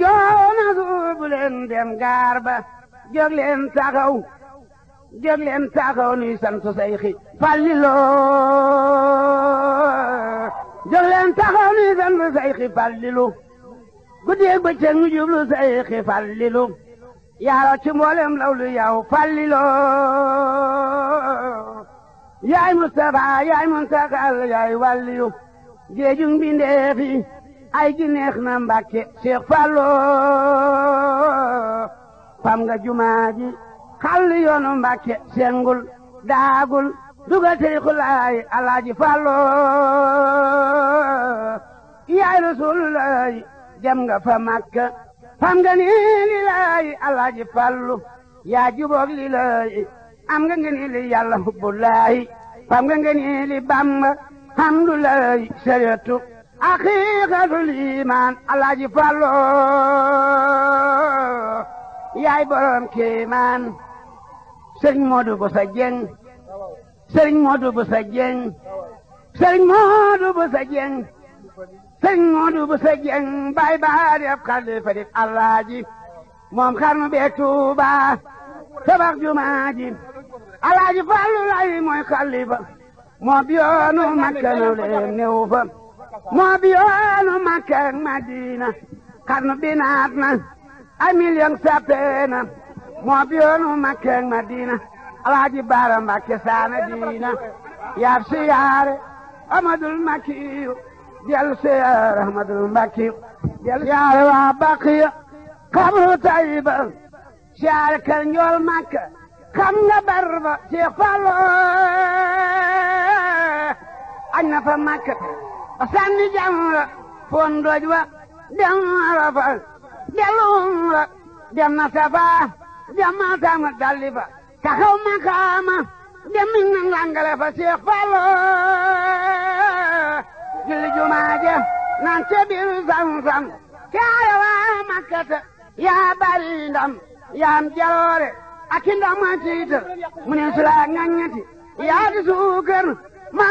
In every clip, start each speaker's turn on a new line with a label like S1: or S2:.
S1: joona suubu leen dem gaar ba jóg leen taxaw jóg leen taxaw nuy sant Seyxi Fallilo jóg leen taxaw nuy sant Seyxi Fallilu guddeeg bëccëg ñu jublu Seyxi Fallilu yaaro ci mboolem law lu yow Fallilo yaay Mustafa yaay Muntakal yaay wàlliyu géejug mbindeef yi ay gi na mbàkke Cheikh Fallo fam nga jumaa ji xàll yoonu mbàkke sengul daagul dugal tariixu laay alaaji Fallo yaay rasulullaay jam nga fa Makka fam nga ni laay alaaji Fallu yaa juboog li laay am nga ngeen li yàlla hubbu fam nga ngeen li Bàmba hamdulaay sariyatu haqiqatul iman alaaji Fallu yaay borom kéemaan sëriñ Modou Boussa Dieng sëriñ Modou Boussa Dieng sëriñ Modou Boussa Dieng bay baa di ab xalifa moom xarnu beeg Tuuba tabax jumaa ji alaaji Fallu mooy xalifa moom yoonu Makka new leen néew moo bi yoonu Makka ak Madina ay million sappee moo bi yoonu Makka ak Madina Alaaji Baara saana diina yaab siyaare Amadul Makkiyu dellu siyaare Amadul Makkiyu dellu siyaare waa Baqiya xabru Tayiba siyaare kër njool Makka xam nga barba Seex Fallu añ na fa sànni jamra fon doj wa dem Arafat dellu umra dem na Safaa dem Matam dalli fa taxaw makaama dem na langale fa Seex Fallu julli jumaa ja naan ca biir Samsam kaaya waa Makkata yaa bari ndam yaa am jaloore ndam ma tiital mu ne su la ngañati suukar ma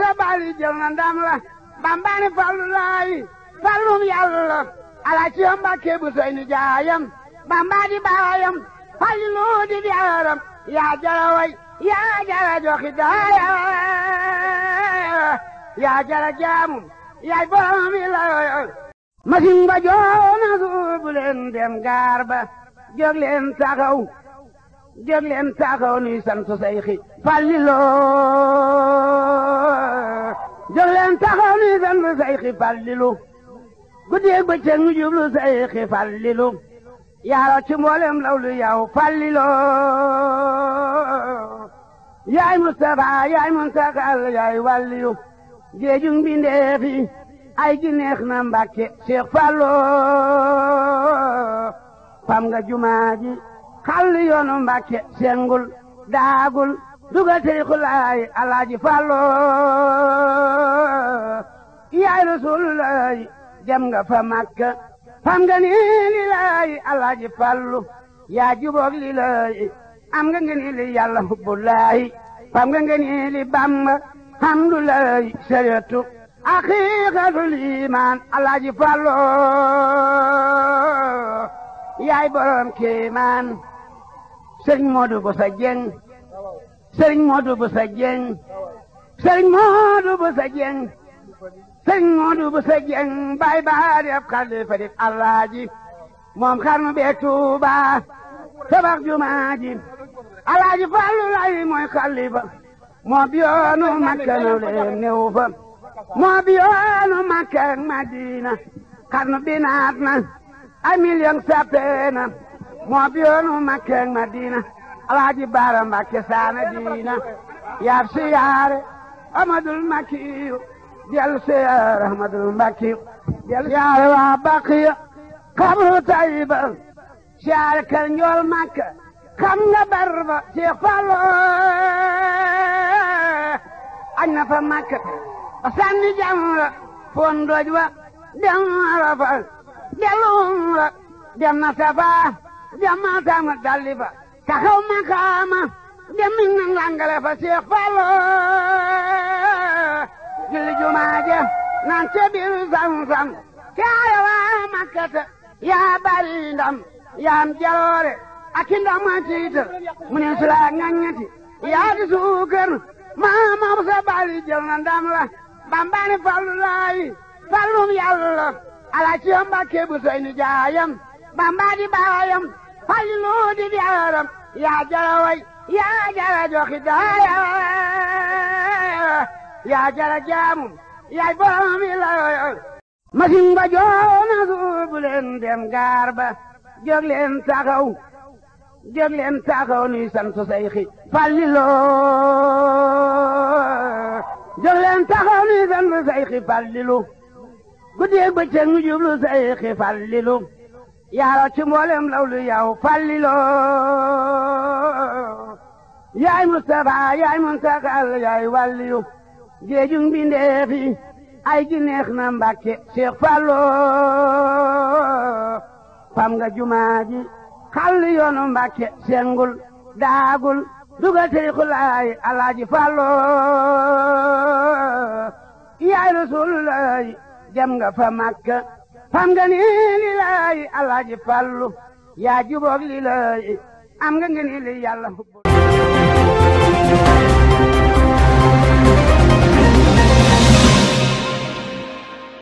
S1: sa bari jël na ndam la Bamba ni fallu laay fallum yàlla alaaji Mbàkke bu sey ni jaayam Bamba di baayam fallu di jaaram yaa jara way yaa jara joxi daaya yaa jara jaamu yaay borom mi layoy masin ba joona suubu leen dem gaar ba jóg leen taxaw jóg leen taxaw nuy sant Seyxi Fallilu jóg leen taxaw ni sant Seyxi Fallilu guddeeg bëccëg ñu jublu Seyxi Fallilu yaaro ci mboolem lawlu yow Fallilu yaay Mustafa yaay Muntakal yaay wàlliyu géeju mbindeef yi ay gi neex na Mbàkke Seex Fallu fam nga jumaa ji xàll yoonu Mbàkke sengul daagul dugal tariixu laay alaaji Fallu yaay rasuulullaay jam nga fa Makka fam nga ni li laay alaaji Fallu yaa juboog li laay am nga nga ni li yàlla hubbu laay fam nga nga ni li Bamba hamdu laay sariyatu aqiiqatul iimaan alaaji Fallu yaay borom kéemaan sëñ Moodu Busa Jeng sëriñ Modou Bousso Dieng sëriñ Modou Bousso Dieng sëriñ Modou bay ba di ab di alaaji moom xarnu beeg Tuuba tabax jumaa ji alaaji Fallu lay mooy xalifa moo bi yoonu Makka naw leen néew fa moo bi yoonu Makka ak Madina xarnu bi naat na ay million sappee na moo bi yoonu Makka ak Madina alhaji baara mbàkke saana diina yaab siyaare amadul makkiyu del siyaare amadul makkiyu del siyaare waa baqiya xabru tayiba siyaare kër njool makka xam barba ci falo añ na fa makka sanni jamra fon doj wa dem arafa delum ra dem na safa dem ma tama dalli fa taxaw makaama dem mi nang langale fa Seex Fallu julli jumaaje nan ca biir caaya waa Makkata yaa bari ndam yaa jaloore ak ndam a tiital mu ne su la yaa di suukar maa moom sa jël na ndam la bambani Fallu laayi Fallum Yàlla ala ci Mbàkke bu soy ni jaayam bamba di baayam فالجنود بعرم يا جروي يا جرج خدايا يا جرج يا بوم ما سين بجونا سوبلن دم غاربا جوغلن تاخاو جوغلن تاخاو ني سانت سيخي فاللو جوغلن تاخاو ني سانت سيخي فاللو guddi bëccëg ñu jublu seyxi fallilu yaara ci mboolem lawlu yow fallilo yaay Mustafa yaay Muntakal yaay wàlliyu géeju mbindeef yi ay gi neex na Mbàkke Seex Fallu fam nga jumaa ji xàll sengul daagul dugal tariqulaay Alaaji Fallu yaay Rasulullaay dem nga fa Makka xam nga ni li lay Fallu yaa juboog li lay am nga nga ni li yàlla